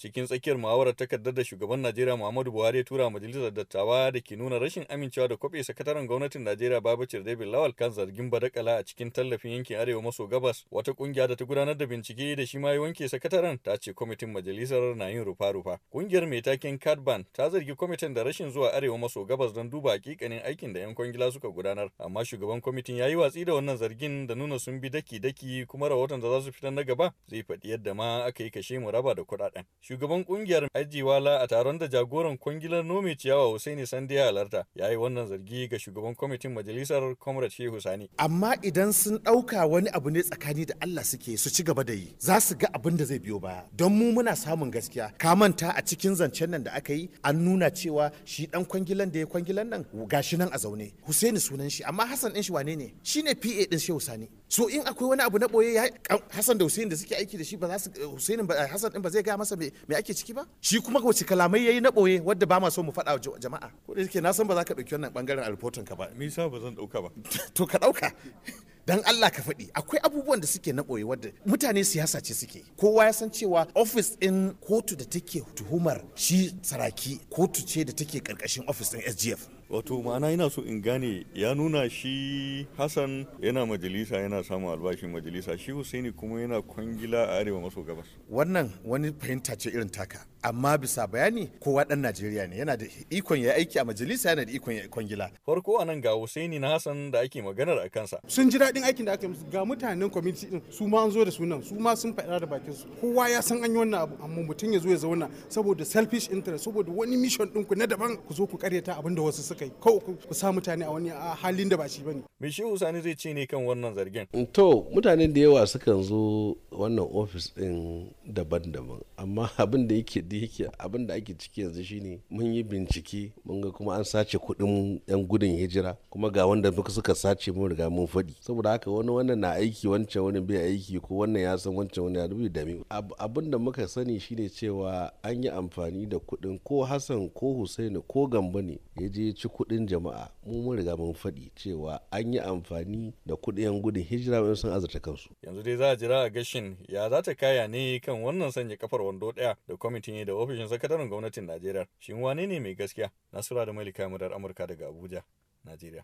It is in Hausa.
cikin tsakiyar muhawarar takardar da shugaban Najeriya Muhammadu Buhari ya tura majalisar dattawa da ke nuna rashin amincewa da kwabe sakataren gwamnatin Najeriya Babacir David Lawal kan zargin badakala a cikin tallafin yankin Arewa maso gabas wata kungiya da ta gudanar da bincike da shi ma ya wanke sakataren ta ce kwamitin majalisar na yin rufa-rufa kungiyar mai taken Cardban ta zargi kwamitin da rashin zuwa Arewa maso gabas don duba hakikanin aikin da yan kwangila suka gudanar amma shugaban kwamitin ya yi watsi da wannan zargin da nuna sun bi daki-daki kuma rahoton da za su fitar na gaba zai faɗi yadda ma aka yi kashe mu raba da kuɗaɗen Shugaban kungiyar Ajiwala a taron da jagoran kwangilar nome ciyawa Hussaini Sande ya halarta ya yi wannan zargi ga shugaban kwamitin majalisar Comrade Shehu Sani. Amma idan sun ɗauka wani abu ne tsakani da Allah suke su ci gaba da yi za su ga abin da zai biyo baya don mu muna samun gaskiya ka manta a cikin zancen nan da aka yi an nuna cewa shi dan kwangilan da ya kwangilan nan gashi nan a zaune Hussaini sunan shi amma Hassan din shi wane ne shine PA din Shehu Sani. so in akwai wani abu na boye Hassan da Hussein da suke aiki da shi ba za su eh, Hussein ba eh, Hassan din ba zai ga masa me ake ciki ba shi kuma wace kalamai yayi na boye wadda ba ma so mu faɗa jama'a ko da yake na san ba za ka dauki wannan bangaren alfoton ka ba me yasa ba zan dauka ba to ka dauka dan Allah ka faɗi akwai abubuwan da suke na boye wadda mutane siyasa ce suke kowa ya san cewa ofis ɗin kotu da take tuhumar shi saraki kotu ce da take karkashin ofis ɗin SGF wato ma'ana yana so in gane ya nuna shi hassan yana majalisa yana samun albashin majalisa shi husaini kuma yana kwangila a arewa maso gabas wannan wani fahimta ce irin taka amma bisa bayani kowa dan najeriya ne yana da ikon ya aiki a majalisa yana da ikon ya kwangila farko anan ga husaini na hassan da ake maganar a kansa sun ji daɗin aikin da aka musu ga mutanen kwamiti din su ma an zo da sunan su ma sun faɗa da bakin su kowa ya san an yi wannan abu amma mutum ya zo ya zauna saboda selfish interest saboda wani mission ɗinku na daban ku zo ku karyata abin da wasu suka kai ko ku sa mutane a wani halin da ba shi bane me shi usani zai ce ne kan wannan zargin to mutane da yawa sukan zo wannan ofis din daban-daban amma abin da yake da yake abin da ake ciki yanzu shine mun yi bincike mun ga kuma an sace kuɗin yan gudun hijira kuma ga wanda muka suka sace mun riga mun faɗi saboda haka wani wannan na aiki wancan wani bai aiki ko wannan ya san wancan wani ya rubi da abin da muka sani shine cewa an yi amfani da kuɗin ko hassan ko husaini ko gambo ne ya je ci kudin jama'a mu mun riga mun faɗi cewa an yi amfani da kudin yan gudun hijira wajen sun azurta kansu yanzu dai za a jira a gashin ya za ta kaya ne kan wannan sanya kafar wando ɗaya da kwamitin ne da ofishin sakataren gwamnatin najeriya shin wane ne mai gaskiya nasura da malika murar amurka daga abuja najeriya